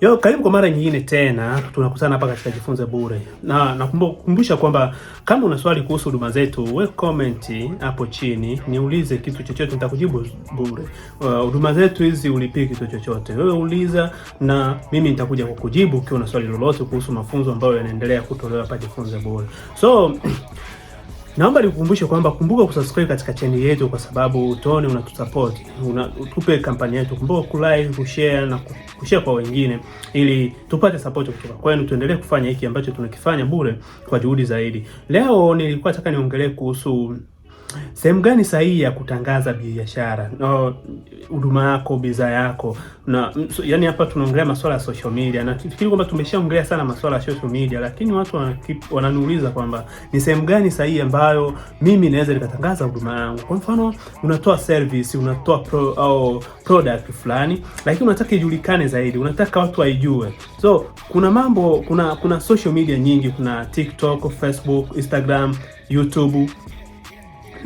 Yo, karibu kwa mara nyingine tena tunakutana hapa katika Jifunze Bure, na nakumbusha kwamba kama una swali kuhusu huduma zetu, we comment hapo chini, niulize kitu chochote, nitakujibu bure. Uh, huduma uh, zetu hizi ulipii kitu chochote, wewe uliza na mimi nitakuja kukujibu ukiwa una swali lolote kuhusu mafunzo ambayo yanaendelea kutolewa hapa Jifunze Bure so Naomba nikukumbushe kwamba kumbuka kusubscribe katika channel yetu, kwa sababu tuone unatusupport, unatupe kampani yetu. Kumbuka kulike, kushare na kushare kwa wengine, ili tupate support kutoka kwenu, tuendelee kufanya hiki ambacho tunakifanya bure kwa juhudi zaidi. Leo nilikuwa nataka niongelee kuhusu Sehemu gani sahihi ya kutangaza biashara huduma no, yako bidhaa yako na yani, hapa tunaongelea masuala ya social media, na fikiri kwamba tumeshaongelea sana masuala ya social media, lakini watu wananiuliza kwamba ni sehemu gani sahihi ambayo mimi naweza nikatangaza huduma yangu. Kwa mfano, unatoa service, unatoa pro, au product fulani, lakini unataka ijulikane zaidi, unataka watu waijue. So kuna mambo, kuna kuna social media nyingi, kuna TikTok, Facebook, Instagram, YouTube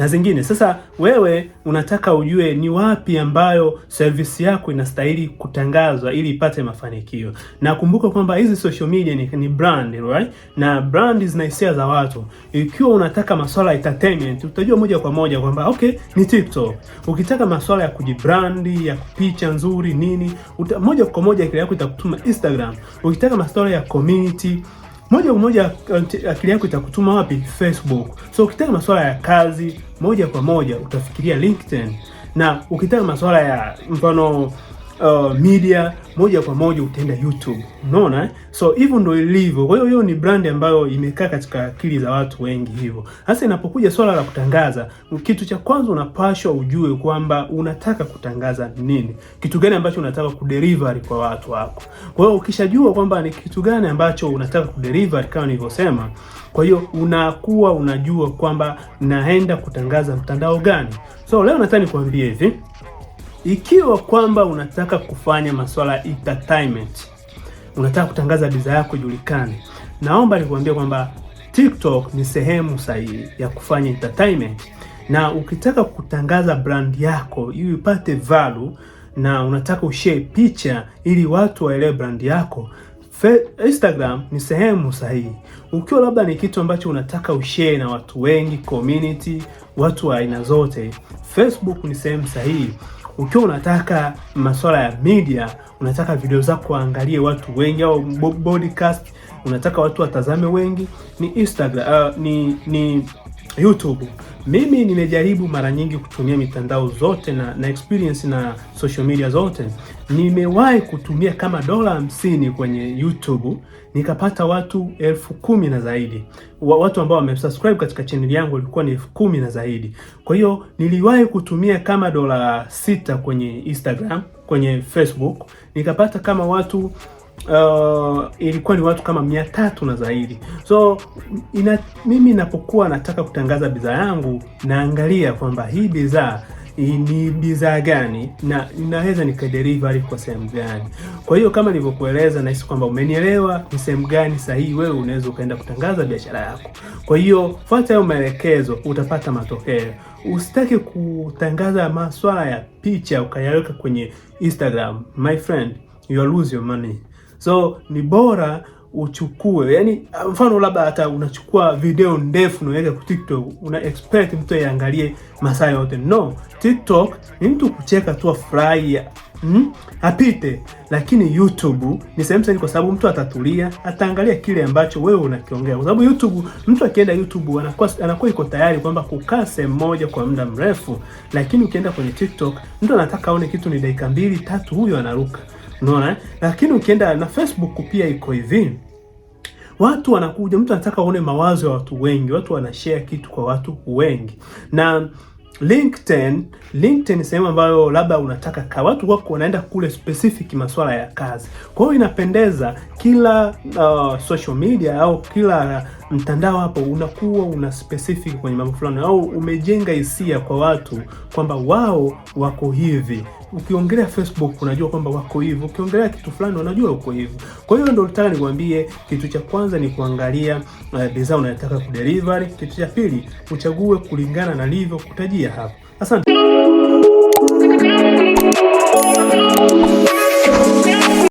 na zingine. Sasa wewe unataka ujue ni wapi ambayo service yako inastahili kutangazwa ili ipate mafanikio, na kumbuka kwamba hizi social media ni, ni brand right? na brand zina hisia za watu. Ikiwa unataka masuala ya entertainment, utajua moja kwa moja kwamba okay, ni TikTok. Ukitaka masuala ya kujibrandi, ya picha nzuri nini, uta, moja kwa moja kile yako itakutuma Instagram. Ukitaka masuala ya community moja kwa moja uh, akili yako itakutuma wapi? Facebook. So ukitaka masuala ya kazi, moja kwa moja utafikiria LinkedIn, na ukitaka masuala ya mfano uh, media moja kwa moja utaenda YouTube. Unaona eh? So hivyo ndio ilivyo. Kwa hiyo hiyo ni brand ambayo imekaa katika akili za watu wengi hivyo. Sasa inapokuja swala la kutangaza, kitu cha kwanza unapashwa ujue kwamba unataka kutangaza nini, kitu gani ambacho unataka kudeliver kwa watu wako. Kwa hiyo ukishajua kwamba ni kitu gani ambacho unataka kudeliver kama nilivyosema, kwa hiyo unakuwa unajua kwamba naenda kutangaza mtandao gani. So leo nataka nikwambie hivi ikiwa kwamba unataka kufanya masuala entertainment, unataka kutangaza bidhaa yako julikani naomba nikuambia kwamba TikTok ni sehemu sahihi ya kufanya entertainment, na ukitaka kutangaza brand yako ili upate value na unataka ushare picha ili watu waelewe brand yako, Instagram ni sehemu sahihi. Ukiwa labda ni kitu ambacho unataka ushare na watu wengi, community, watu wa aina zote, Facebook ni sehemu sahihi. Ukiwa unataka masuala ya media, unataka video zako waangalie watu wengi, au podcast, unataka watu watazame wengi, ni Instagram, uh, ni, ni YouTube. Mimi nimejaribu mara nyingi kutumia mitandao zote na, na experience na social media zote. Nimewahi kutumia kama dola hamsini kwenye YouTube nikapata watu elfu kumi na zaidi. Watu ambao wamesubscribe katika channel yangu ilikuwa ni elfu kumi na zaidi. Kwa hiyo niliwahi kutumia kama dola sita kwenye Instagram, kwenye Facebook nikapata kama watu uh, ilikuwa ni watu kama mia tatu na zaidi. So ina, mimi napokuwa nataka kutangaza bidhaa yangu naangalia kwamba hii bidhaa ni bidhaa gani na ninaweza nikadeliver kwa sehemu gani. Kwa hiyo kama nilivyokueleza, nahisi kwamba umenielewa ni sehemu gani sahihi wewe unaweza ukaenda kutangaza biashara yako. Kwa hiyo fuata hayo maelekezo, utapata matokeo. Usitaki kutangaza maswala ya picha ukayaweka kwenye Instagram. My friend, you lose your money. So ni bora uchukue, yani mfano labda hata unachukua video ndefu unaweka ku TikTok, una expect mtu aiangalie masaa yote. No, TikTok ni mtu kucheka tu, afurahi Mm, apite. Lakini YouTube ni sehemu sahihi, kwa sababu mtu atatulia, ataangalia kile ambacho wewe unakiongea, kwa sababu YouTube, mtu akienda YouTube anakuwa anakuwa iko tayari kwamba kukaa sehemu moja kwa muda mrefu, lakini ukienda kwenye TikTok mtu anataka aone kitu ni dakika mbili tatu, huyo anaruka unaona. Eh? Lakini ukienda na Facebook pia iko hivi, watu wanakuja, mtu anataka aone mawazo ya watu wengi, watu wanashare kitu kwa watu wengi na LinkedIn, LinkedIn ni sehemu ambayo labda unataka ka watu wako wanaenda kule specific masuala ya kazi. Kwa hiyo inapendeza kila uh, social media au kila mtandao hapo unakuwa una specific kwenye mambo fulani, au umejenga hisia kwa watu kwamba wao wako hivi. Ukiongelea Facebook unajua kwamba wako hivi, ukiongelea kitu fulani unajua uko hivi. Kwa hiyo ndio nataka nikwambie, kitu cha kwanza ni kuangalia eh, bidhaa uh, unayotaka kudeliver. Kitu cha pili uchague kulingana na livyo kutajia hapo. Asante.